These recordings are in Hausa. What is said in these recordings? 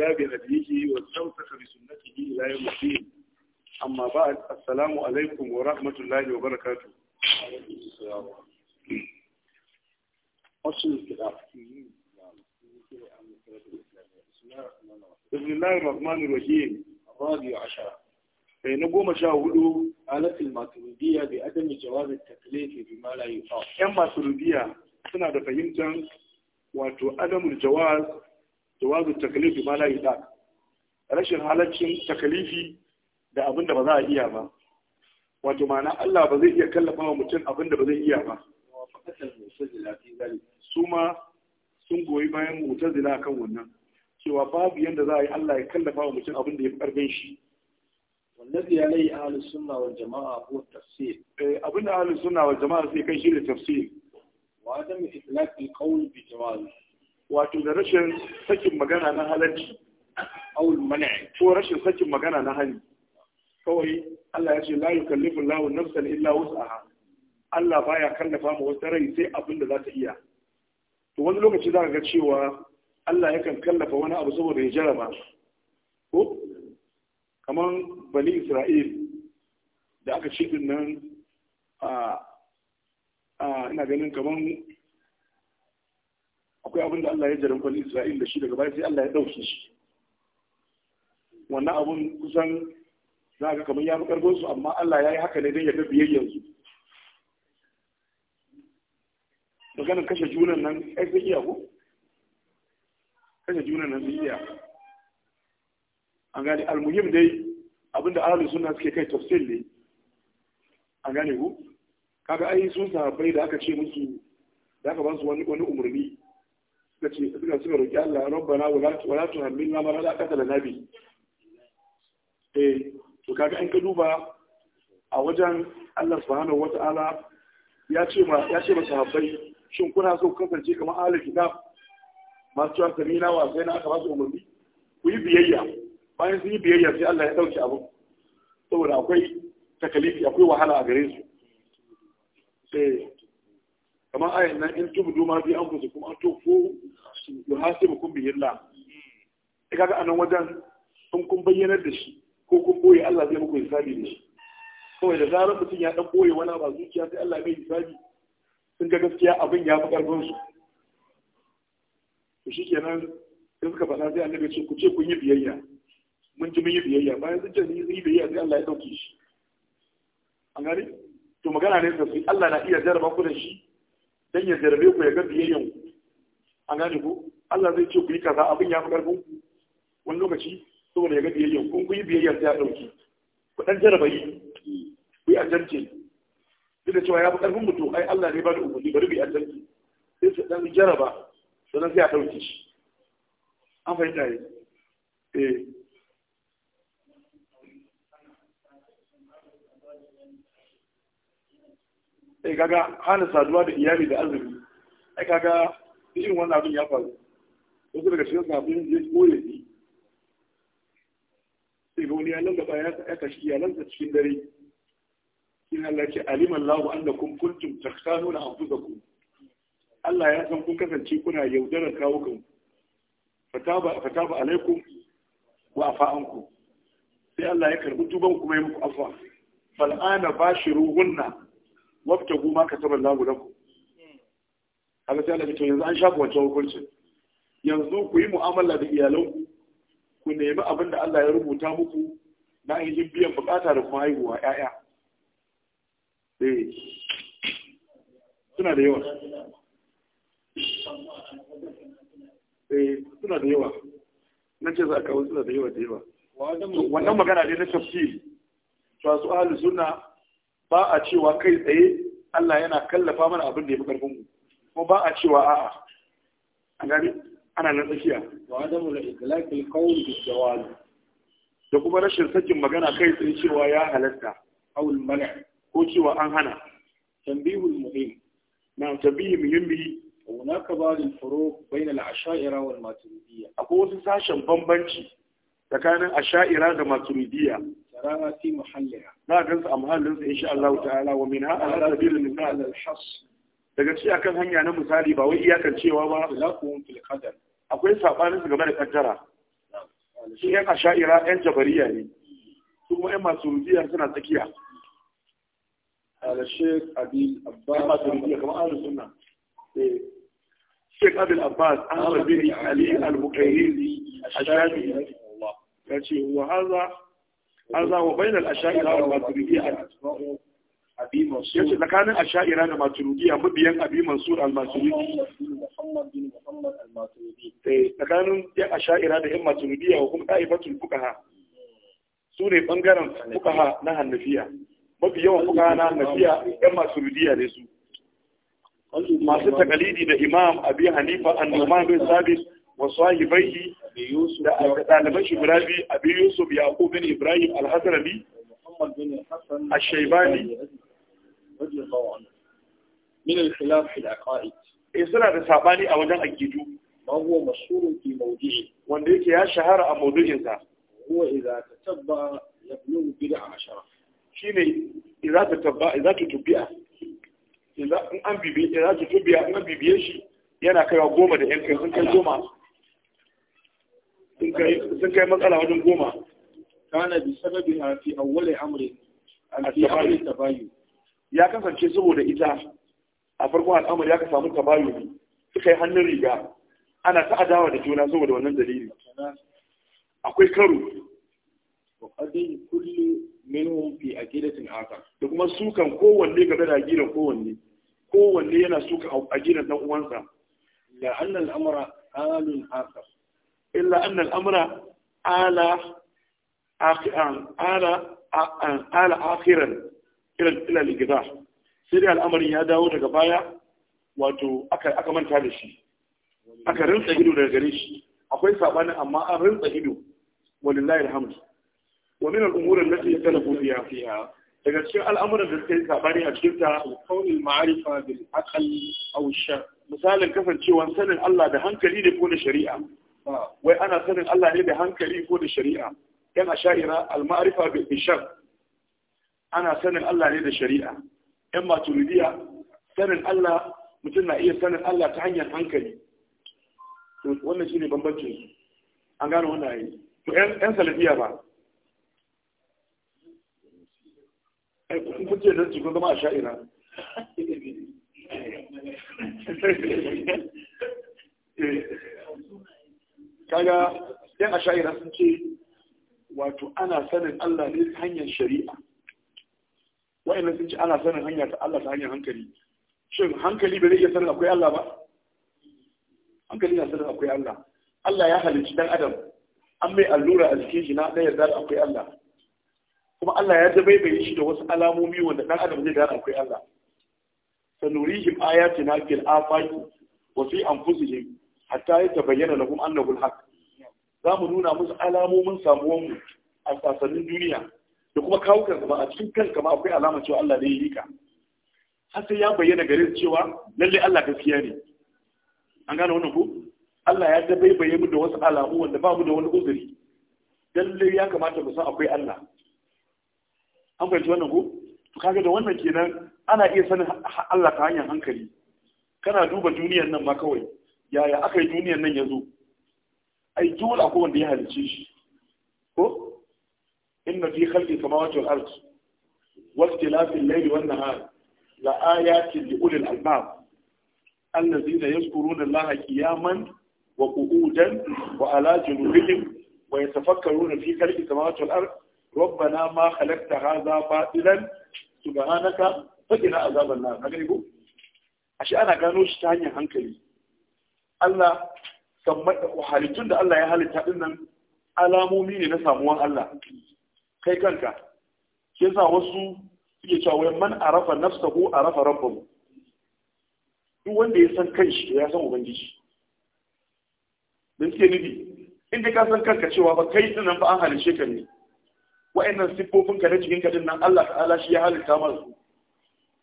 واهتدى بهديه واستمسك بسنته الى يوم الدين اما بعد السلام عليكم ورحمه الله وبركاته بسم الله الرحمن الرحيم الرابع عشر na goma sha hudu alatul maturidiyya bi adami jawaz at-taklif bima la yutaq yan maturidiyya suna da fahimtar wato adamul jawaz jawazin takalifi ma la yudaq rashin halaccin takalifi da abin da ba za a iya ba wato mana Allah ba zai iya kallafa wa mutum abin da ba zai iya ba su ma sun goyi bayan mutazila kan wannan cewa babu yanda za a yi Allah ya kallafa wa mutum abin da ya fi karfin shi Wannan ya lai ahlus sunna wal jama'a huwa tafsir eh abin da ahlus jama'a sai kai shi da tafsir wa adam itlaq al qawl bi jawaz wato da rashin sakin magana na halarci awul mana ko rashin sakin magana na hali kawai Allah ya ce la yukallifu Allahu nafsan illa wus'aha Allah baya kallafa mu wata rai sai abin da za ta iya to wani lokaci za ka ga cewa Allah yakan kallafa wani abu saboda ya jarraba ko kamar bani Isra'il da aka ce din nan a ina ganin kamar akwai abin da Allah ya jarin kwallon Isra'il da shi daga baya sai Allah ya ɗauke shi wannan abun kusan za ga kamar ya fi ƙarfin su amma Allah ya yi haka ne don ya ga biyayyen su maganin kashe junan nan ai sun iya ko kashe junan nan sun iya an gane almuhim dai abinda ahlus sunna suke kai tafsir ne an gane ko, kaga ai sun sahabbai da aka ce musu da aka ba su wani wani umarni kace ce suka suka roki Allah rabbana wala tuhammilna ma la taqata lana bi eh to kaga an ka duba a wajen Allah subhanahu wata'ala ya ce ma ya ce ma sahabbai shin kuna so kasance kamar ahlul kitab masu cewa samina wa sai na aka ba su umarni ku yi biyayya bayan sun yi biyayya sai Allah ya dauke abu saboda akwai takalifi akwai wahala a gare su eh kama ayin nan in tubdu ma bi anfusikum an tufu yuhasibukum la. Allah kaga anan wajen in kun bayyanar da shi ko kun boye Allah zai muku hisabi da shi kawai da zarar mutum ya dan boye wani ba zuciya sai Allah mai hisabi sun ga gaskiya abin ya fi karfin su to shikenan sai suka faɗa sai annabi ce ku ce kun yi biyayya mun ji mun yi biyayya bayan sun ce sun yi biyayya sai Allah ya dauke shi an gani to magana ne sosai. Allah na iya jarraba ku da shi dan ya jarabe ku ya ga biyayyan ku an gane ku Allah zai ce ku yi kaza abin ya fi karfin ku wani lokaci saboda ya ga biyayyan ku kun yi biyayya sai ya dauki ku dan jaraba yi ku yi ajarce duk da cewa ya fi karfin mutum ai Allah ne ba da umarni bari bi ajarce sai su dan jaraba sannan sai a dauke shi an fahimta ne eh sai eh, kaga hana saduwa da iyali da azumi ai kaga irin wannan abin ya faru wasu daga cikin sabbin ya koya ne sai ga wani ya lallaba ya kashi iyalansa cikin dare shine Allah ce aliman lahu nuna kuntum takhtanuna anfusakum Allah ya san kun kasance kuna yaudarar kan fataba fataba alaikum wa a fa'anku. sai Allah ya karbi tuban kuma ya muku afwa fal ana bashiruhunna wabta guma ka saba lagu da laku haka sai alaƙa yanzu an shafa wancan hukuncin yanzu ku yi mu'amala da iyalanku ku nemi abin da Allah ya rubuta muku na ainihin biyan bukata da kuma haihuwa ya'ya eh suna da yawa eh suna da yawa nan ce za ka suna da yawa da yawa wannan magana ne na tafsiri to su ahlus sunna ba a cewa kai tsaye Allah yana kallafa mana abin da ya fi karfin mu kuma ba a cewa a'a a gani ana nan tsakiya wa adamu la ikhlaqil qawl bil jawaz da kuma rashin sakin magana kai tsaye cewa ya halatta awul mana ko cewa an hana tambihul muhim na tabihi muhimmi hunaka ba'd al furuq bayna al asha'ira wal maturidiyya akwai wasu sashen bambanci tsakanin asha'ira da maturidiya tarawa fi muhalliha za ka gansu a muhallinsu insha Allah ta'ala wa min ha'a ala sabil misal al-hass daga ci akan hanya na misali ba wai iyakar cewa ba lakum fil qadar akwai sabanin su game da kaddara shi yan asha'ira yan jabariya ne su kuma yan maturidiya suna tsakiya ala sheikh abil abbas maturidiya kamar ahlus sunna Sheikh Abil Abbas, an rabiri Ali al-Bukairi, a shafi ya ce wa haza haza wa bainal asha'ira wal maturidiyya abi mansur yace tsakanin asha'ira da maturidiyya mabiyan abi mansur al maturidi eh, tsakanin ya asha'ira da yan maturidiyya wa kuma da'ifatul fuqaha su ne bangaren fuqaha na hanafiya mafi yawan fuqaha na hanafiya yan maturidiyya ne su masu takalidi da imam abi hanifa an-numan bin sabit wa sahibaihi da ɗaliban shi guda abin yusuf yaƙo bin ibrahim alhassanabi a shaibani e suna da saɓani a wajen akidu wanda yake ya shahara a maudu'insa shi ne iza ta tabba iza ta tubbiya in an bibiye shi yana kaiwa goma da yan kai sun kai goma sun kai matsala wajen goma kana bi sababi a fi awwali amri fi amri tabayu ya kasance saboda ita a farkon al'amari ya ka samu tabayu suka yi hannun riga ana ta adawa da juna saboda wannan dalili akwai karo وقدم كل fi في عقيدة aka da kuma sukan kowanne ga da gidan kowanne kowanne yana suka aqidan dan uwansa la annal amra halun akhar illa an al'amura ala akiran ila ligida sai dai al'amarin ya dawo daga baya wato aka manta da shi aka rinsa ido daga gare shi akwai sabanin amma an rinsa ido walillahi alhamdu wa min al'umuran lati yakalafu fiha fiha daga cikin al'amuran da suka yi sabani a cikin ta kaunin ma'arifa bil aqal aw shar misalin sanin Allah da hankali da ko da shari'a wai ana sanin Allah ne da hankali ko da shari'a yan asha'ira al-ma'rifa bil ishar ana sanin Allah ne da shari'a yan maturidiya sanin Allah mutum na iya sanin Allah ta hanyar hankali to wannan shine bambancin an gano wannan ayi to yan salafiya ba ai eh, kun kuce da cikin zama asha'ira eh kaga yan asha'ira sun ce wato ana sanin Allah ne hanyar shari'a wa'annan sun ce ana sanin hanya ta Allah ta hanyar hankali shin hankali ba zai iya sanin akwai Allah ba hankali na sanin akwai Allah Allah ya halicci dan adam an mai allura a jikin shi na da yarda akwai Allah kuma Allah ya baibaye shi da wasu alamomi wanda dan adam zai gane akwai Allah sanurihim ayatina fil afaqi wa fi anfusihim hatta ya tabayyana lahum annahu alhaq za mu nuna musu alamomin samuwan mu a sasannin duniya da kuma kawo kanka ba a cikin kanka ba akwai alama cewa Allah ne ya yi ka har sai ya bayyana gare su cewa lalle Allah gaskiya ne an gane wannan ko Allah ya dabaibaye mu da wasu alamu wanda ba mu da wani uzuri lalle ya kamata mu san akwai Allah an fahimci wannan ko to kaga da wannan kenan ana iya sanin Allah ta hanyar hankali kana duba duniyar nan ma kawai yaya aka yi duniyar nan ya zo ai dole akwai wanda ya halicce shi ko inna fi khalqi samawati wal ardi wa ikhtilafi al-layli wan nahar la ayatin li ulil albab allazina yadhkuruna allaha qiyaman wa qu'udan wa ala junubihim wa yatafakkaruna fi khalqi samawati wal ardi ربنا ما خلقت هذا باطلا سبحانك فقنا عذاب النار هكذا يقول ashe ana gano shi ta hanyar hankali Allah halittun da Allah ya halitta din nan alamomi ne na samuwan Allah kai kanka shi yasa wasu suke cewa man arafa nafsahu arafa rabbahu duk wanda ya san kanshi ya san ubangiji da suke nufi inda ka san kanka cewa ba kai dinan ba an halishe ka ne wa'annan siffofin ka na cikin ka nan Allah ta'ala shi ya halitta mana su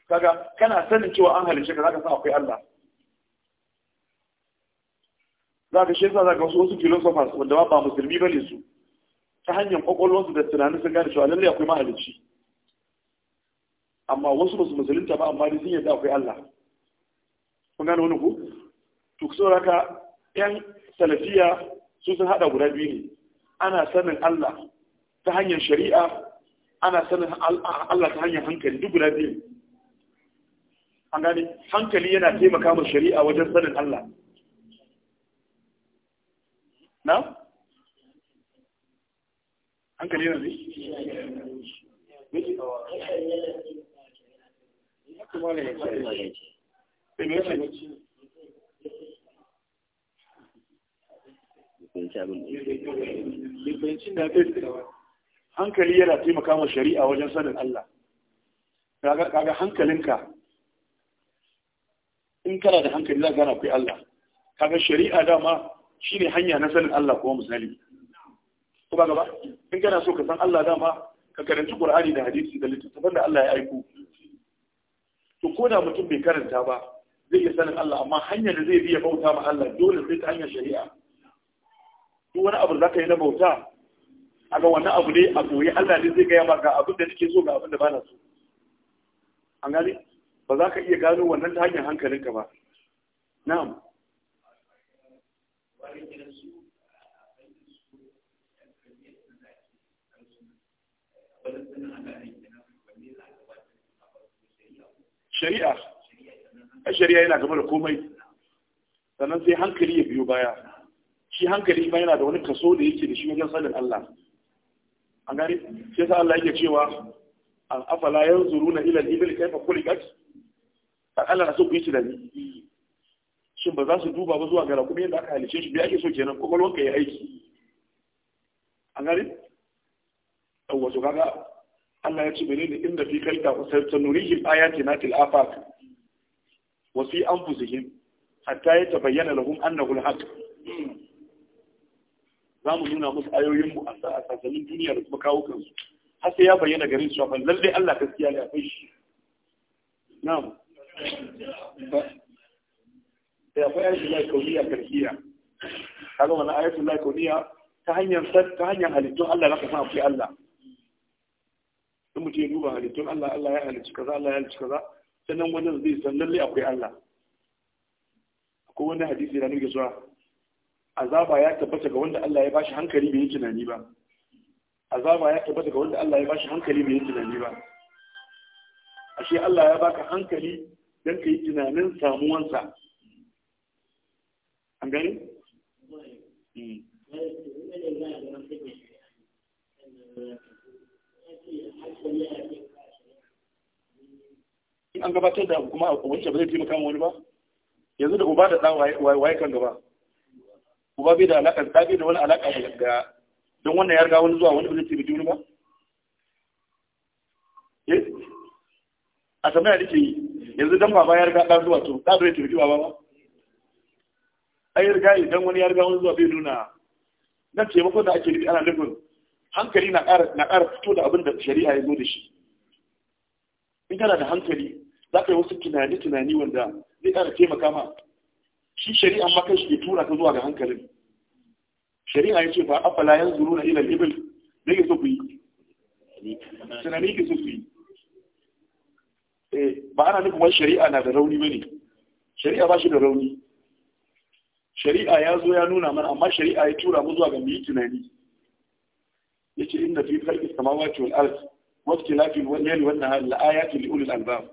kaga kana sanin cewa an halishe ka zaka san akwai Allah za ka shi za ka wasu filosofas wanda ba ba musulmi ba ne su ta hanyar kwakwalwarsu da tunanin sun gane cewa lallai akwai mahalicci amma wasu basu musulunta ba amma sun yadda akwai Allah kun gane wani ku to so raka yan salafiya su sun hada guda biyu ne ana sanin Allah ta hanyar shari'a ana sanin Allah ta hanyar hankali duk guda biyu an gane hankali yana taimaka ma shari'a wajen sanin Allah na? hankali yana zai? hankali yana taimaka wa shari'a wajen sanin Allah kaga hankalinka in kana da hankali za ka gana kai Allah kaga shari'a dama shi ne hanya na sanin Allah kuma misali ko ba gaba in kana so ka san Allah dama ka karanci Qur'ani da hadisi da littattafan da Allah ya aiko to ko da mutum bai karanta ba zai iya sanin Allah amma hanyar da zai biya bauta ma Allah dole sai ta hanyar shari'a duk wani abu za ka yi na bauta a ga wannan abu ne a koyi Allah ne zai gaya ma ga abin da nake so ga abin da bana so an gane ba za ka iya gano wannan ta hanyar hankalinka ba na'am shari'a a shari'a yana game da komai sannan sai hankali ya biyo baya shi hankali ma yana da wani kaso da yake da shi wajen sanin Allah an gani sai sa Allah yake cewa an afala yanzuruna ila al-ibil kayfa fa Allah na so ku yi ni shin ba za su duba ba zuwa gara kuma yadda aka halice shi me ake so kenan kokolwanka ya aiki an gani wato kaga Allah ya ce menene inda fi kalka sanurihim ayatina fil afaq wa fi anfusihim hatta yatabayyana lahum annahu al-haq za mu nuna musu ayoyin mu a sasanin duniya da kuma kawo kansu har sai ya bayyana garin su ban lalle Allah gaskiya ne akwai shi na'am da akwai ayatul lahi kauniya karkiya kaga wannan ayatul lahi kauniya ta hanyar ta hanyar halittun Allah na kasan akwai Allah sun mu ya duba halittun Allah Allah ya halicci kaza Allah ya halicci kaza sannan wannan zai san lalle akwai Allah Ko wani hadisi da nake zuwa azaba ya tabbata ga wanda Allah ya bashi hankali bai yi tunani ba azaba ya tabbata ga wanda Allah ya bashi hankali bai yi tunani ba ashe Allah ya baka hankali dan kai tunanin tunanin samuwansa an gani? Mm. an gabatar da kuma wancan ba zai taimaka ma wani ba yanzu da uba da ɗan waye kan gaba uba bai da alaƙa ta bai da wani alaƙa da don wannan ya riga wani zuwa wani ba zai wani ba eh? a tambaya da ke yi yanzu don baba ya riga ɗan zuwa to ɗan zai taimaki baba ba ai riga idan wani ya riga wani zuwa bai nuna nan makon da ake nufi ana nufin hankali na ƙara fito da abin da shari'a ya zo da shi in kana da hankali za ka yi wasu tunani-tunani wanda zai ƙara taimaka ma shi shari'a ma kai shi ya tura ka zuwa ga hankalin shari'a ya ce ba afala yan zuru na ilal ibil da ke so ku yi tunani ke so ku yi eh, ba ana nufin wani shari'a na da rauni ba ne shari'a ba shi da rauni shari'a ya zo ya nuna mana amma shari'a ya tura mu zuwa ga mu yi tunani yace inna fi khalqis samawati wal ardi wa ikhtilafi al-layli wan nahari la ayatin li ulil albab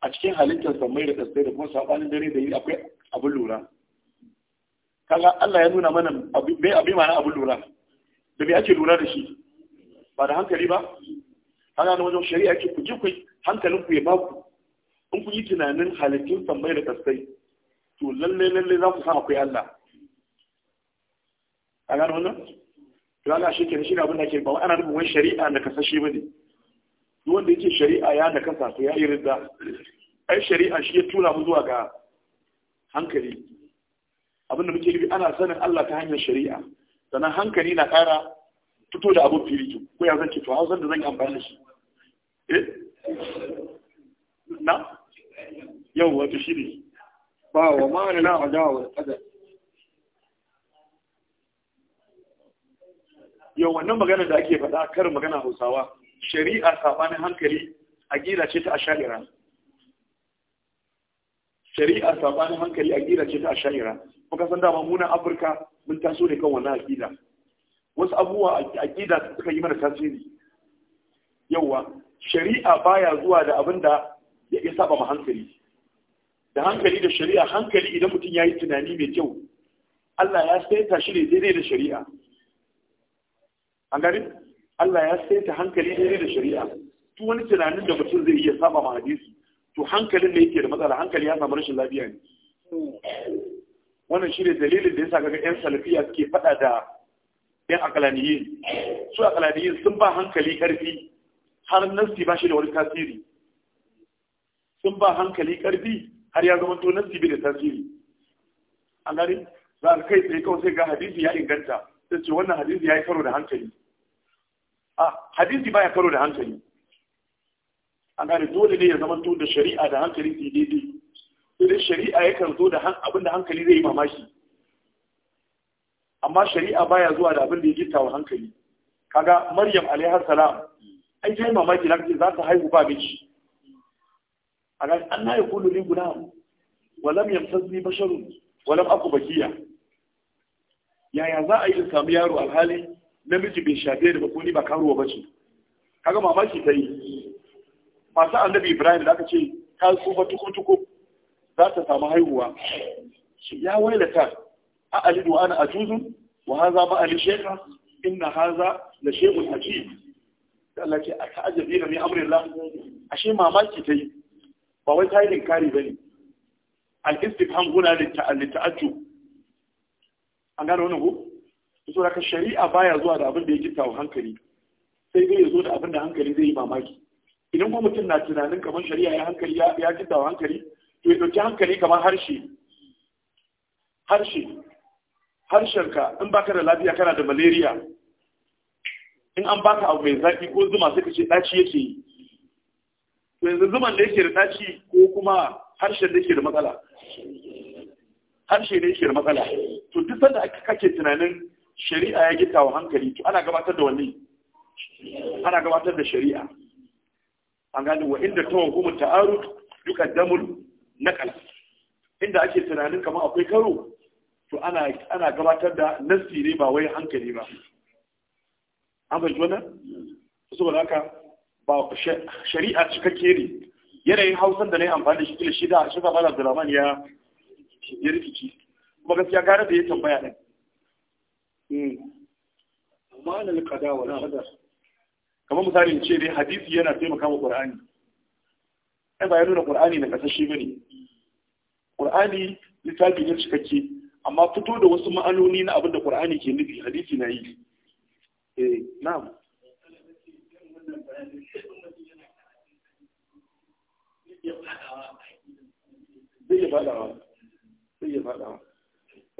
a cikin halittar samai da kasai da kuma sabanin dare da yi akwai abin lura kaga Allah ya nuna mana bai abin mana abin lura da bai ake lura da shi ba da hankali ba kaga na wajen shari'a ke ku ji ku hankalin ku ya ba ku in ku yi tunanin halittun samai da kasai to lalle lalle za ku san akwai Allah kaga wannan to Allah shi kenan shi ne abin da ke ba ana nufin wani shari'a da kasashe ba ne duk wanda yake shari'a ya da kasa to ya yi ridda ai shari'a shi ya tura mu zuwa ga hankali abin da muke nufi ana sanin Allah ta hanyar shari'a sannan hankali na ƙara fito da abin fili ko ya zance to hausar da zan yi amfani da shi eh? na yau wato shi ne ba wa ma'ana na adawa wa kadar yau wannan magana da ake faɗa karin magana hausawa shari'a saɓanin hankali a gina ce ta asha'ira shari'a saɓanin hankali a gina ce ta asha'ira kuka san dama munan afirka mun taso ne kan wannan aƙida wasu abubuwa aƙida suka yi mana tasiri yauwa shari'a baya zuwa da abin da ya saba ma hankali da hankali da shari'a hankali idan mutum ya yi tunani mai kyau Allah ya saita shi ne daidai da shari'a an Allah ya saita hankali ne da shari'a tu wani tunanin da mutum zai iya saba ma hadisi to hankalin ne yake da matsala hankali ya samu rashin lafiya ne wannan shi ne dalilin da ya sa kaga yan salafiya suke faɗa da yan akalaniyin su akalaniyin sun ba hankali ƙarfi har nasti ba shi da wani tasiri sun ba hankali ƙarfi har ya zama to nasti bai da tasiri an za a kai tsaye kawai sai ga hadisi ya inganta sai ce wannan hadisi ya yi karo da hankali hadisi baya karo da hankali an gane dole ne ya zama to da shari'a da hankali ke daidai idan shari'a yakan zo da abin da hankali zai yi mamaki amma shari'a baya zuwa da abin da ya gitta wa hankali kaga maryam alaihar salam ai ta yi mamaki na ce za ta haihu ba miki a ga an na yi kulu ni guda walam yamsazni basharu walam aku bakiya yaya za a yi samu yaro alhali namiji bai shafe da ko ni ba karuwa ba ce kaga mamaki ta yi masu annabi ibrahim da aka ce ta tsufa tukutuku za ta samu haihuwa ya wailata a alidu ana ajuzun wa haza ba ali sheka inna haza la shekun ajib da Allah ce a ajabi da mai amurin la ashe mamaki ta yi ba wai ta yi linkari ba ne al-istifham guna litta'ajju an gane wani ko so haka shari'a baya zuwa da abin da ya tawo hankali sai dai ya zo da abin da hankali zai yi mamaki idan kuma mutum na tunanin kamar shari'a ya hankali ya ji tawo hankali to ya ɗauki hankali kamar harshe harshe harshenka in baka da lafiya kana da malaria in an baka abu mai zafi ko zuma sai ka ce ɗaci yake yi to yanzu zuman da yake da ɗaci ko kuma harshen da yake da matsala harshe ne yake da matsala to duk sanda kake tunanin shari'a ya gita wa hankali to ana gabatar da wanne ana gabatar da shari'a an gani wa inda hukumar ta'arud duka damul naqal inda ake tunanin kamar akwai karo to ana ana gabatar da nassi ne ba wai hankali ba an fahimci wannan saboda haka ba shari'a cikakke ne yanayin hausan da na yi amfani da shi kila shi da shi da malam ya ya rikici kuma gaskiya gara da ya tambaya ɗin Eh. ma'anar kada wa kadar kamar misali ce dai hadisi yana taimaka wa ƙur'ani. ai ba ya nuna ƙur'ani na kasashe bane Ƙur'ani, littafi ne cikakke amma fito da wasu ma'anoni na abinda ƙur'ani ke nufi hadisi na yi eh na'am zai ya faɗawa. zai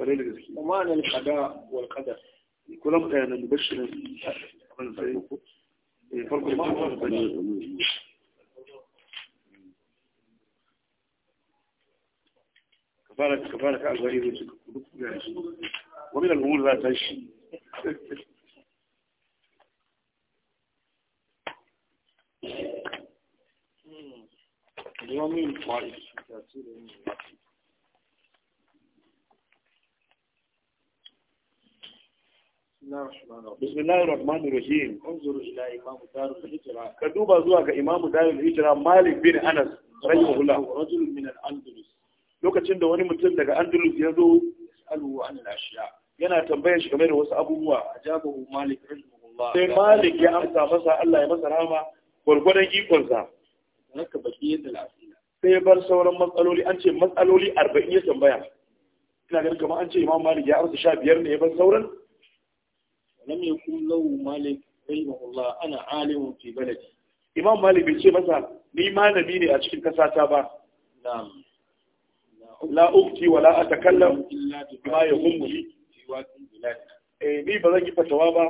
فليل الرسول ومعنى الحداء والقدر كلهم كانوا يبشر فرق كفارة كفارة كفارة ومن الأمور لا تعيش bismillahir rahmanir rahim unzur ila imam darul hijra ka duba zuwa ga imam darul hijra malik bin anas rahimahullah rajul min al andalus lokacin da wani mutum daga andalus ya zo yasalu an ashiya yana tambayar shi game da wasu abubuwa ajabahu malik rahimahullah sai malik ya amsa masa Allah ya masa rahama gwargwadon ikonsa haka baki yadda lafiya sai bar sauran matsaloli an ce matsaloli arba'in ya tambaya ina ganin kamar an ce imam malik ya amsa sha biyar ne ya bar sauran يكن له مالك malik الله ana عالم fi بلدي امام malik bai ce ني ni نبي ne a cikin kasata ba na'am la ukti wala atakallam bima yahummi eh ni ba zan yi fatawa ba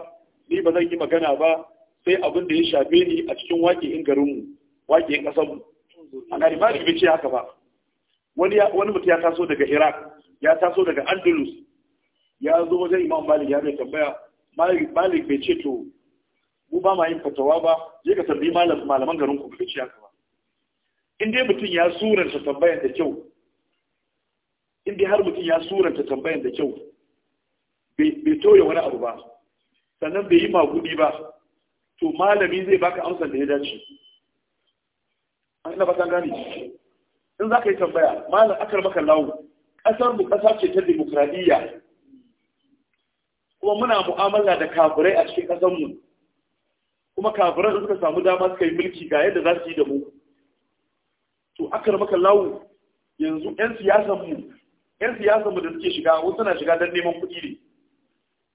ni ba zan yi magana ba sai abin da ya shafe ni a cikin waƙe in garin mu wake in kasar mu ana ba ni ce haka ba wani wani mutum ya taso daga Iraq ya taso daga Andalus ya zo wajen Imam Malik ya mai tambaya malik bai ce to mu ba ma yin fatawa ba je ka tambayi malaman garin ku bai ce haka ba in dai mutum ya suranta tambayar da kyau in dai har mutum ya suranta tambayar da kyau bai toye wani abu ba sannan bai yi magudi ba to malami zai baka amsar da ya dace an ba baka gane in za ka yi tambaya malam akar maka lawo ƙasar mu ƙasa ce ta demokradiyya kuma muna mu'amala da kafirai a cikin ƙasarmu kuma kafirai suka samu dama suka yi mulki ga yadda za su yi da mu to akar maka lawu yanzu 'yan siyasanmu 'yan siyasanmu da suke shiga wasu suna shiga don neman kuɗi ne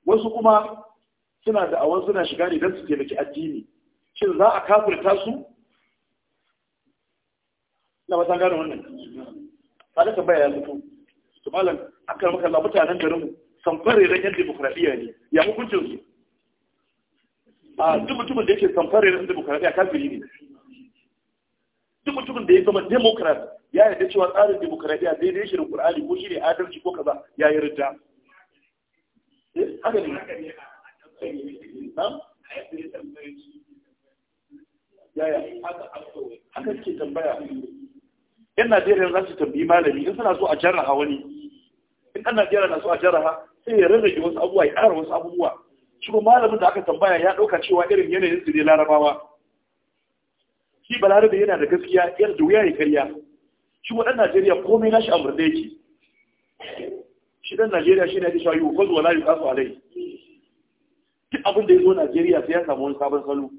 wasu kuma suna da awon suna shiga ne don su taimaki addini shin za a kafirta su na basan gane wannan ba da tambaya ya zuto to malam akar maka lawu mutanen garinmu samfare ran yan demokuraɗiyya ne ya hukuncin su a duk mutumin da yake samfare ran demokuraɗiyya kafiri ne duk mutumin da ya zama demokrat ya yarda cewa tsarin demokradiyya zai ne shirin ƙur'ani ko shi ne adalci ko kaza ya yi ridda eh, haka ne yaya haka suke tambaya yan najeriya za su tambayi malami in suna so a jarraha wani in ɗan najeriya na so a jarraha sai ya rarrage wasu abubuwa ya ƙara wasu abubuwa shi ko malamin da aka tambaya ya ɗauka cewa irin yanayin su ne larabawa shi balarabe yana da gaskiya yar da wuya ya karya shi ko ɗan najeriya komai nashi a murɗe yake shi ɗan najeriya shi ne ake shayi wa zuwa layu kasu alai duk abin da ya zo najeriya sai ya samu wani sabon salo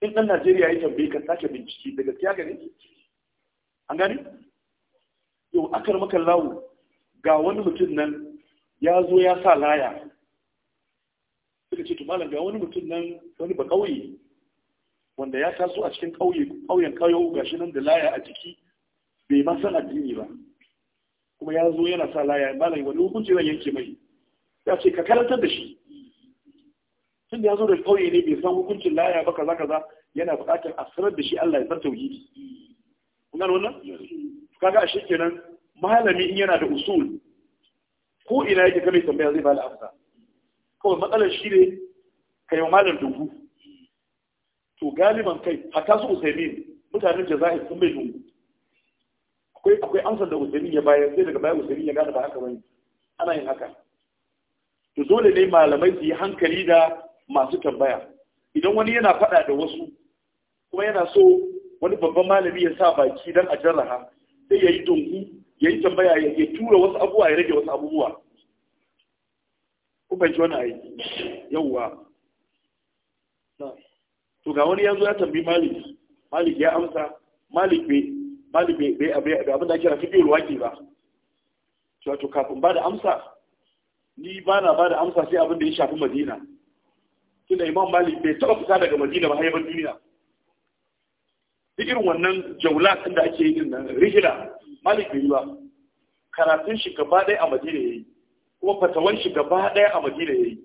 in ɗan najeriya ya tambaye ka sake bincike da gaskiya ga ne an gani yau akar maka lawo ga wani mutum nan ya zo ya sa laya suka ce malam ga wani mutum nan wani ba ƙauye wanda ya taso a cikin ƙauyen kayo gashi nan da laya a jiki bai ma san addini ba kuma ya zo yana sa laya malam wani hukunci zan yanke mai ya ce ka karantar da shi tun da ya zo da ƙauye ne bai san hukuncin laya ba kaza kaza yana buƙatar a sanar da shi Allah ya san tauhidi kun gano wannan kaga ashe kenan malami in yana da usul ko ina yake mai tambaya zai bada amsa kawai matsalar shi ne kai wa malam dungu to galiban kai hatta su usaimin mutanen jaza'ir sun bai dungu akwai akwai amsar da usaimin ya bayar sai daga baya usaimin ya gane ba haka bane ana yin haka to dole ne malamai su yi hankali da masu tambaya idan wani yana faɗa da wasu kuma yana so wani babban malami ya sa baki don a jarraha sai ya yi dungu ya yi tambaya ya tura wasu abubuwa ya rage wasu abubuwa ku ji wani aiki yauwa to ga wani yanzu ya tambi malik malik ya amsa malik bai malik bai abin da kira ruwa ke ba to kafin ba da amsa ni ba na ba da amsa sai abin da ya shafi madina tunda imam malik bai taɓa fita daga madina ba haifar duniya duk irin wannan jaula da ake yi nan rihila malik bai yi ba karatun shi gaba ɗaya a madina ya yi kuma fatawan shi gaba ɗaya a madina ya yi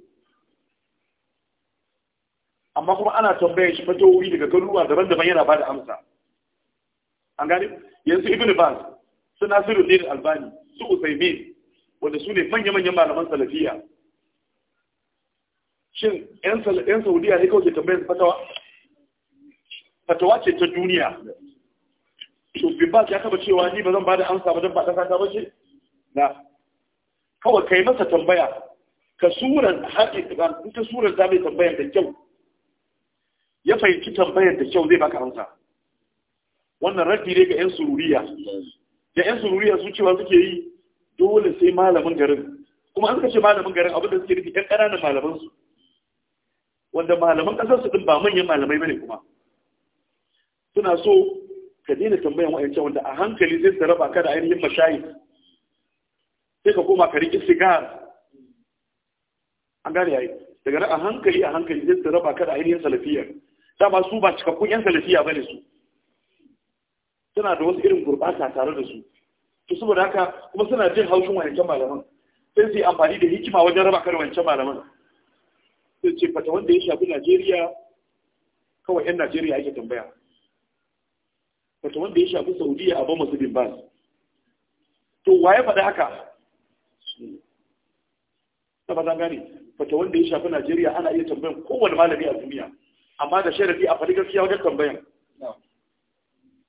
amma kuma ana tambayar shi fatawoyi daga garuruwa daban-daban yana ba da amsa an gani yanzu ibn baz su nasiru din albani su usaimin wanda su ne manya-manyan malaman salafiya shin 'yan saudiya ne kawai ke tambayar fatawa fatawa ce ta duniya to bin ba ya taba cewa ni ba zan ba da amsa ba dan ba kasa ba bace na kawai kai masa tambaya ka suran haƙi in ka suran ta mai tambayar da kyau ya fahimci tambayar da kyau zai baka amsa wannan raddi ne ga yan sururiya da yan sururiya su cewa suke yi dole sai malamin garin kuma an kace malamin garin abinda suke nufi yan ƙananan malaman su wanda malaman ƙasar su din ba manyan malamai bane kuma suna so ka daina tambayan wa'ancan wanda a hankali zai su raba ka da ainihin mashayi sai ka koma ka riƙi sigar an gane yayi daga nan a hankali a hankali zai su raba ka da ainihin salafiyar ba su ba cikakkun yan salafiya bane su suna da wasu irin gurbata tare da su to saboda haka kuma suna jin haushin wa'ancan malaman sai su yi amfani da hikima wajen raba ka da wa'ancan malaman sai ce fata wanda ya shafi Najeriya kawai yan Najeriya ake tambaya fata wanda ya shafi saudiya a bama su bin bas to waye faɗi haka ta ba gane fata wanda ya shafi najeriya ana iya tambayan kowane malami a duniya amma da sharafi a faɗi gaskiya wajen tambayan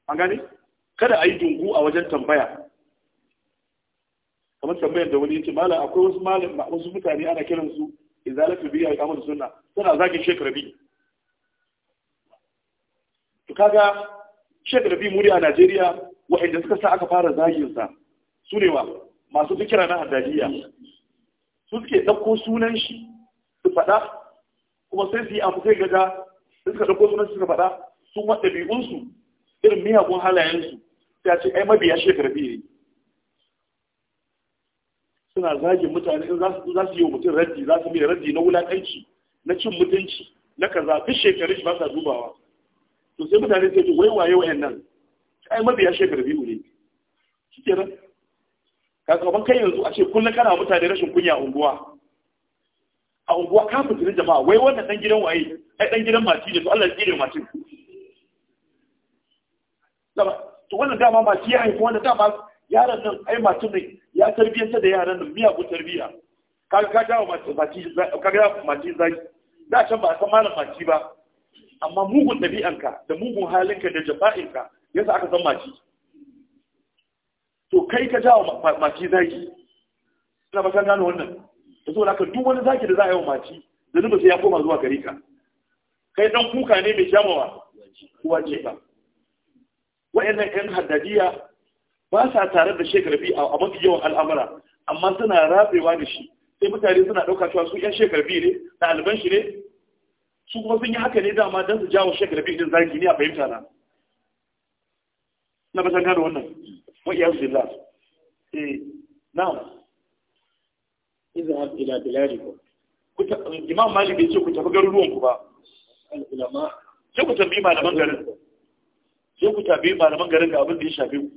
an gane kada a yi dungu a wajen tambaya kamar tambayar da wani yace malam akwai wasu malam wasu mutane ana kiran su izalatu biya ya kamar sunna suna zagin shekarabi to kaga shek bi muri a najeriya wa'inda suka sa aka fara zaginsa su ne wa masu fikira na haddadiya su suke ɗauko sunan shi su faɗa kuma sai su yi abu kai gaga suka ɗauko sunan shi su fada faɗa sun wa ɗabi'unsu irin miyagun halayensu su a ce ai mabiya shek rabi ne suna zagin mutane in za su yi wa mutum raddi za su mai raddi na wulaƙanci na cin mutunci na kaza duk shekaru shi ba sa dubawa to sai mutane sai ce wai waye nan ai ya shekar biyu ne nan ka ga ban kai yanzu a ce kullun kana mutane rashin kunya a unguwa a unguwa ka fitirin jama'a wai wannan dan gidan waye ai dan gidan mati ne to Allah ya tsire matin to wannan dama mati ya haifi wannan dama yaran nan ai mati ne ya tarbiyanta da yaran nan miya ko tarbiyya kaga ka dawo mati mati ga mati zai da can ba a san malam mati ba amma mugun ɗabi'anka da mugun halinka da ya sa aka san maki to kai ka jawo maki zaki ina ba gano wannan da saboda ka duk wani zaki da za a yi wa maki zunubi sai ya koma zuwa gare ka kai dan kuka ne mai jamawa kuwa ce ba wa'annan yan haddadiya ba sa tare da shekarbi a mafi yawan al'amura amma suna rabewa da shi sai mutane suna ɗauka cewa su yan shekarbi ne alban shi ne Sun kuma sun yi haka ne dama don su jawo shek rabi din zaki ne a fahimta na na ba san gano wannan wa iyaz billah eh na'am izhab ila biladikum kuta imam malik bai ce ku tafi garuruwan ku ba al ulama sai ku tambayi malaman garin sai ku tambayi malaman garin ga abin da ya shafe ku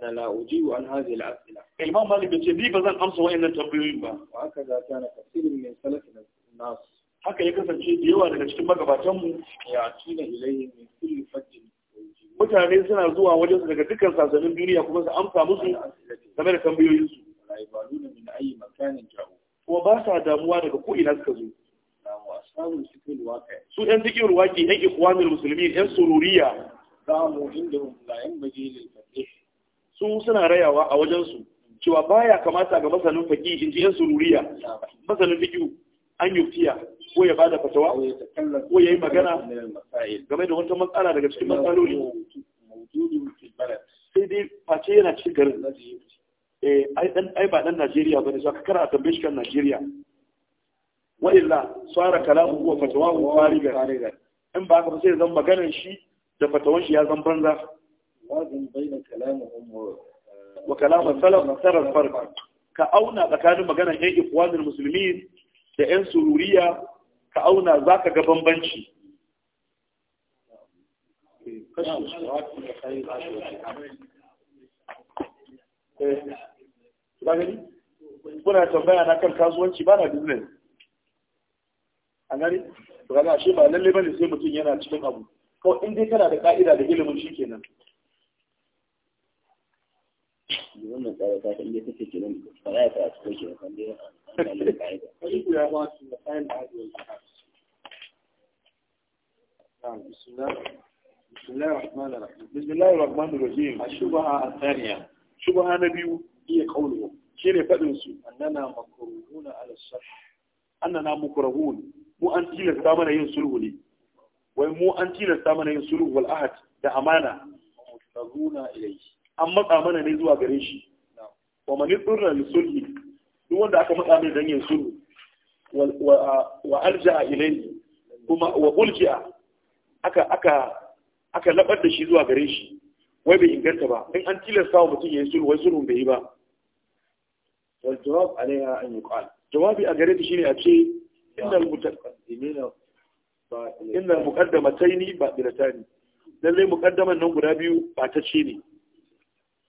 ana la ujibu an hadhihi al as'ila eh, imam malik bai ce ni ba zan amsa wa'annan tambayoyin ba wa haka za ta na tafsirin min salafin nas haka ya kasance da yawa daga cikin magabatanmu ya tuna ilayi min kulli fajjin mutane suna zuwa wajensu daga dukkan sassanin duniya kuma su amsa musu game da tambayoyinsu kuma ba sa damuwa daga ko ina suka zo su yan zikin waƙi yan ikwamin musulmi ɗan sururiya su suna rayawa a wajensu cewa baya kamata ga masanin faƙi in ji yan sururiya masanin fiƙi an yuftiya ko ya bada fatawa ko ya yi magana game da wata matsala daga cikin matsaloli sai dai face yana cikin garin eh, ai ba dan Najeriya ba bane saka kara a tambaye shi kan Najeriya wa illa sara kalamu fatawa huwa fari fariga in ba ka sai zan maganar shi da fatawan shi ya zan banza wa eh, kalam salaf sarar farq ka auna tsakanin maganar yan ikwanul muslimin da 'yan sururiya ka auna za ka ga bambanci eh, kuna tambaya na kan kasuwanci ba na business a gari ba shi ba lalle ne sai mutum yana cikin abu kawai inda tana da ka'ida da ilimin shi kenan wannan tsara ta kan yi take kenan ba za ta cikin بسم الله الرحمن الرحيم الشبهة الثانية شبهة نبي هي قوله شيء فدن أننا مكرهون على الصح أننا مكرهون mu an tilasta mana yin sulhu ne wai mu an tilasta mana yin sulhu wal da amana an matsa mana ne zuwa gare shi wa sulhi duk wanda aka matsa mai dan yin sulhu wa alja'a ilayhi kuma wa bulja aka aka aka labar da shi zuwa gare shi wai bai inganta ba in an tilasta wa mutum ya yi sulhu wai sulhun bai yi ba wal jawab alaiha an yuqal jawabi a gare ta shine a ce innal mutaqaddimina innal muqaddamataini batilatan lalle muqaddaman nan guda biyu ba ta ce ne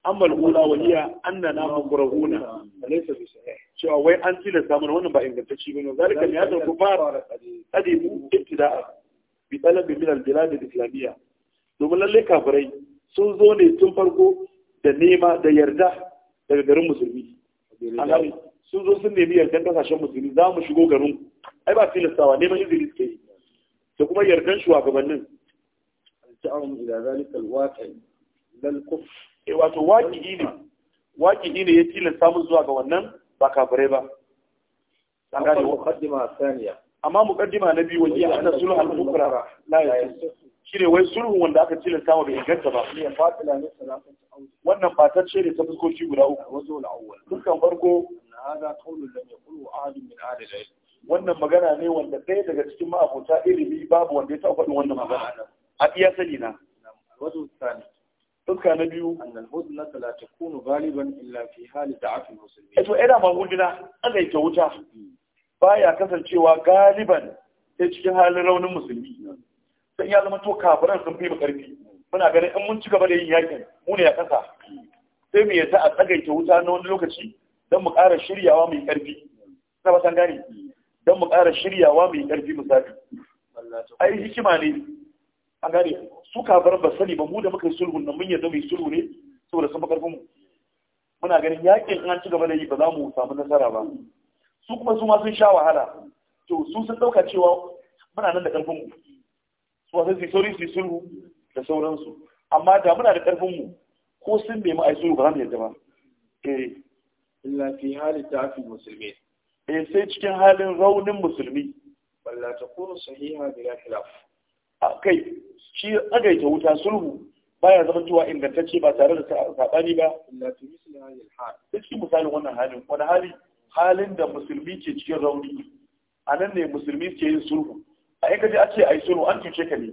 amma al'ula wa iya anna na makurahuna alaysa cewa wai an tilasta mana wannan ba ingantacci bane zalika ne hada hadi mu ibtida'a bi talabi min al-bilad al-islamiyya domin lalle kafirai sun zo ne tun farko da nema da yarda daga garin musulmi sun zo sun nemi yardan kasashen musulmi za mu shigo garin ai ba tilastawa neman izini suke yi da kuma yardan shugabannin ta'awun ila zalika al-waqi lal kufr E wato waqi'i ne waqi'i ne ya tilin samun zuwa ga wannan ba kafirai ba an gane muqaddima amma muqaddima na biyu wajen ana sulhu al-mukra la yasin shine wai sulhu wanda aka tilin wa bai inganta ba wannan batacce ne ta fuskoki guda uku wazo al-awwal dukkan farko hada qawlun lam yaqulu ahad min ahli al-ilm wannan magana ne wanda ɗaya daga cikin ma'abota ilimi babu wanda ya taɓa faɗin wannan magana a iya sani na wazo sani. fuska na biyu annal hudna la takunu galiban illa fi hali da'afil musulmi to ina magunguna an yi ta wuta baya kasancewa galiban a cikin halin raunin musulmi sai ya zama to kafiran sun fi mu karfi muna ganin in mun ci gaba da yin yakin mu ne a kasa sai mu yasa a tsagaita wuta na wani lokaci don mu ƙara shiryawa mai karfi na ba san gane don mu ƙara shiryawa mai karfi misali ai hikima ne an gane su kafiran ba sani ba mu da muka yi sulhun nan mun yadda mai sulhu ne saboda sun fi mu muna ganin yakin an ci gaba da yi ba za mu samu nasara ba su kuma su ma sun sha wahala to su sun dauka cewa muna nan da karfin mu su wasu su sauri su sulhu da sauransu amma da muna da karfin mu ko sun bai mu ai sulhu ba za mu yadda ba eh illa fi halin ta'fi musulmi eh sai cikin halin raunin musulmi balla kuma sahiha bila khilaf kai shi tsagaita wuta sulhu baya zama cewa ingantacce ba tare da saɓani ba da shi misalin wannan halin wani hali halin da musulmi ke cikin rauni a nan ne musulmi ke yin sulhu a yi kaji a ce a yi sulhu an cuce ka ne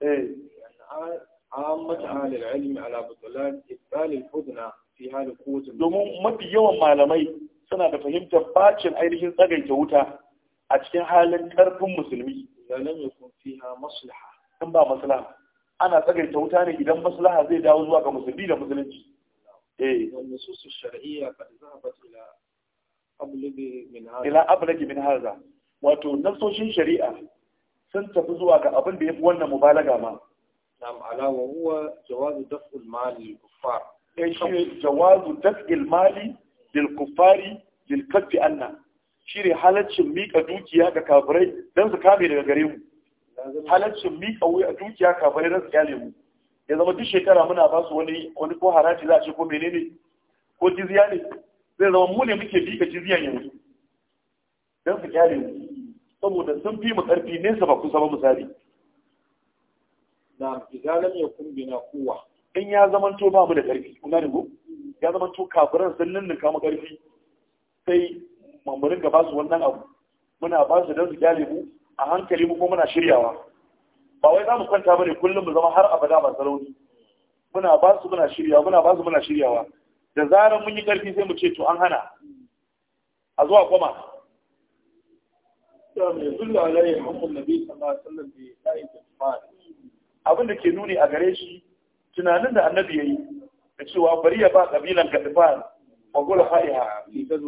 eh. domin mafi yawan malamai suna da fahimtar bacin ainihin tsagaita wuta a cikin halin karfin musulmi lalam fi fiha maslaha in ba maslaha ana ta wuta ne idan maslaha zai dawo zuwa ga musulmi da musulunci eh nusus shar'iyya qad zahabat ila ablagi min hadha ila ablagi min hadha wato nasoshin shari'a sun tafi zuwa ga abin da yafi wannan mubalaga ma nam ala wa huwa jawazu daf'ul mali lil kuffar eh shi jawazu daf'il mali lil kuffari lil kaffi anna shine halaccin miƙa dukiya ga kafirai don su kame daga gare mu halaccin miƙa wuya dukiya kafirai don su kyale mu ya zama duk shekara muna ba su wani wani ko haraji za a ce ko menene ko jizya ne zai zama mu ne muke miƙa jizya yanzu don su kyale mu saboda sun fi mu ƙarfi nesa ba kusa ba misali na idan lam yakun bina quwwa in ya zamanto ba mu da ƙarfi ne go? ya zamanto kafiran sun ninninka mu ƙarfi sai mamurin ga ba su wannan abu muna ba su don su gyale mu a hankali mu ko muna shiryawa ba wai za mu kwanta bane kullum mu zama har abada ba sarauni muna ba su muna shiryawa muna ba su muna shiryawa da zarar mun yi karfi sai mu ce to an hana a zuwa koma abin da ke nuni a gare shi tunanin da annabi ya yi da cewa bari ya ba kabilan gadifan wa fa'iha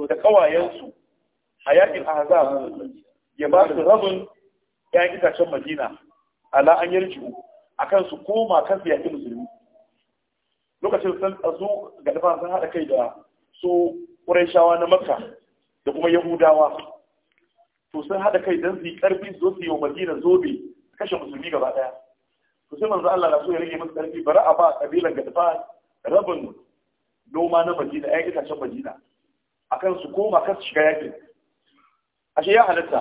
da kawayensu a yakin ahzab ya ba su rabin ƴan itacen madina ala an yarji akan su koma kan su yaƙi musulmi lokacin sun tsazo ga dafa sun haɗa kai da su ƙurayshawa na makka da kuma yahudawa to sun haɗa kai don su yi ƙarfi zo su yi wa madina zobe kashe musulmi gaba ɗaya to sai manzo Allah na so ya rage musu ƙarfi bari a ba kabilan ga dafa rabin noma na madina ƴan itacen madina akan su koma kan su shiga yaƙin ashe ya halatta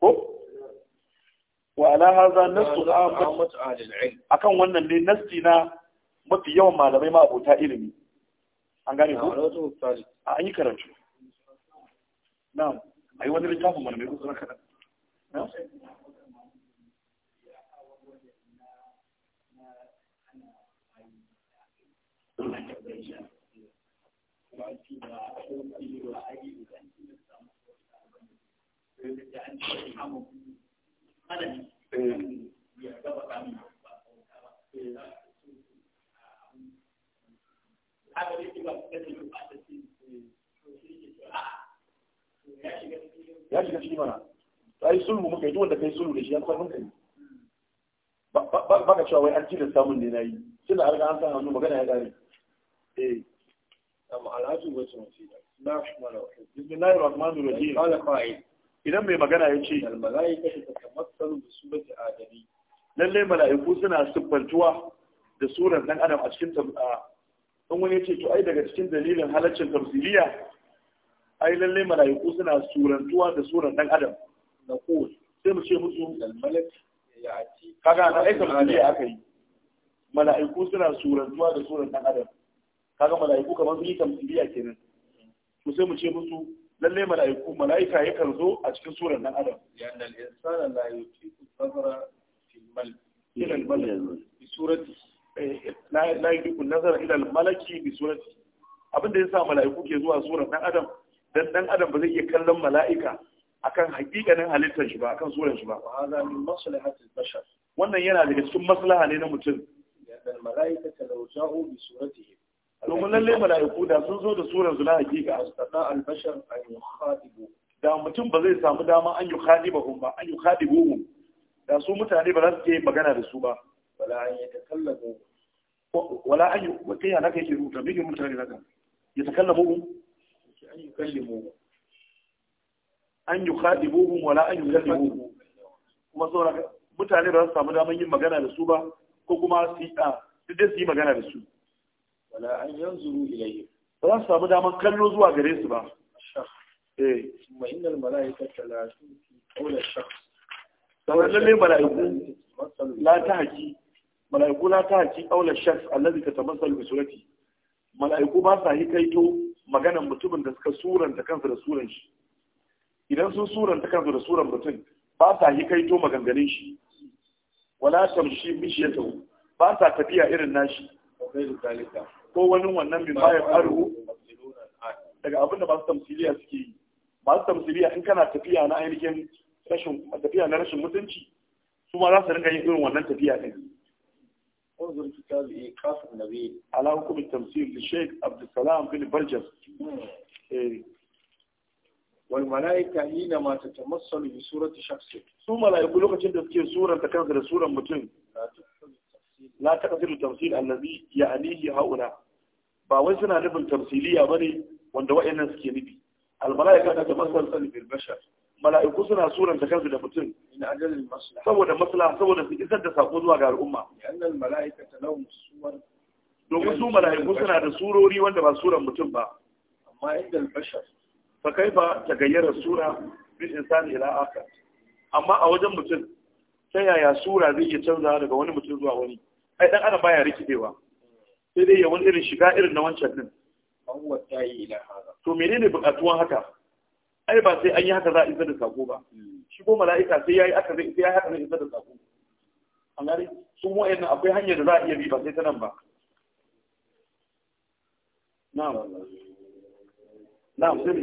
ko wa ala hadha nasu amatu ahli akan wannan ne nasti na mafi yawan malamai ma abota ilimi an gane ko a an yi karatu na'am ayi wani littafin malamai ko sanar kada na'am Thank you. ya shiga shi mana ta yi sulhu muka yi wanda ka yi sulhu da shi ya kwanan kai ba ka cewa wai an ci da samun ne na yi shi da harga an san hannu magana ya ƙare eh amma alhaji wasu wasu na shi mara wasu bismillahir rahmanir rahim ala qa'id idan mai magana ya ce Lallai, mala'iku suna siffantuwa da surar dan adam a cikin tab'a in wani ya ce to ai daga cikin dalilin halaccin tafsiriya ai lallai, mala'iku suna surantuwa da surar dan adam na ko sai mu ce musu kaga na aika tafsiriya aka yi mala'iku suna surantuwa da surar dan adam kaga mala'iku kamar su yi tafsiriya kenan to sai mu ce musu lalle mala'iku mala'ika yakan zo a cikin surar nan adam yana insana la yutiku sabra fil mal ila al mal bi surati eh, la yutiku nazara ila al malaki bi surati abin da yasa mala'iku ke zuwa surar nan adam dan dan adam ba zai iya kallon mala'ika akan haƙiƙanin halittar shi ba akan surar shi ba hada min maslahatil bashar wannan yana daga cikin maslaha ne na mutum yana mala'ika mala'ikata law ja'u bi suratihim domin lalle mala'iku da sun zo da surar zuna hakika A astada albashar a an yukhadibu da mutum ba zai samu dama an yukhadibahum ba an yukhadibuhum da su mutane ba za su yi magana da su ba wala an yi yatakallamu wala an yi. yukai ya naka ke rubuta bikin mutane naka yatakallamu an yukallimu an yukhadibuhum wala an yukallimuhum kuma saboda mutane ba za su samu daman yin magana da su ba ko kuma su yi duk dai su yi magana da su wala an yanzuru ilayhi ba za su samu daman kallo zuwa gare su ba eh ma innal malaikata la tuti qawla shakhs sanan lalle malaiku la tahji malaiku la tahji qawla shakhs allazi tatamassalu bi surati malaiku ba sa yi kaito maganan mutumin da suka suranta kansa da suran shi idan sun suranta kansu da suran mutum ba sa hikaito maganganun shi wala tamshi mishiyatu ba sa tafiya irin nashi wa kai zalika ko wani wannan min baya faru daga abin da masu tamsiliya suke yi masu tamsiliya in kana tafiya na ainihin rashin tafiya na rashin mutunci su ma za su rinka yin irin wannan tafiya din انظر كتاب إيقاف تتمثل بصورة شخص ثم لا يقول لك تلك صورة تكاثر صورة متن لا تقدر التمثيل الذي يعنيه هؤلاء ba wai suna nufin tamsiliya ne wanda wa'annan suke nufi almalaika da kamar salsal bil bashar mala'iku suna ta kansu da mutum saboda maslaha saboda su isar da sako zuwa ga al'umma domin su mala'iku suna da surori wanda ba suran mutum ba amma inda bashar fa ta gayyara sura bil insani ila akhar amma a wajen mutum ta yaya sura zai iya canza daga wani mutum zuwa wani ai dan adam baya rikidewa sai dai ya wani irin shiga irin na wancan din to ne bukatuwan haka ai ba sai an yi haka za a isa da sako ba Shigo mala'ika sai ya yi haka zai isa da sako an gari sun nan akwai hanyar da za a iya bi ba sai ta nan ba na'am na'am sai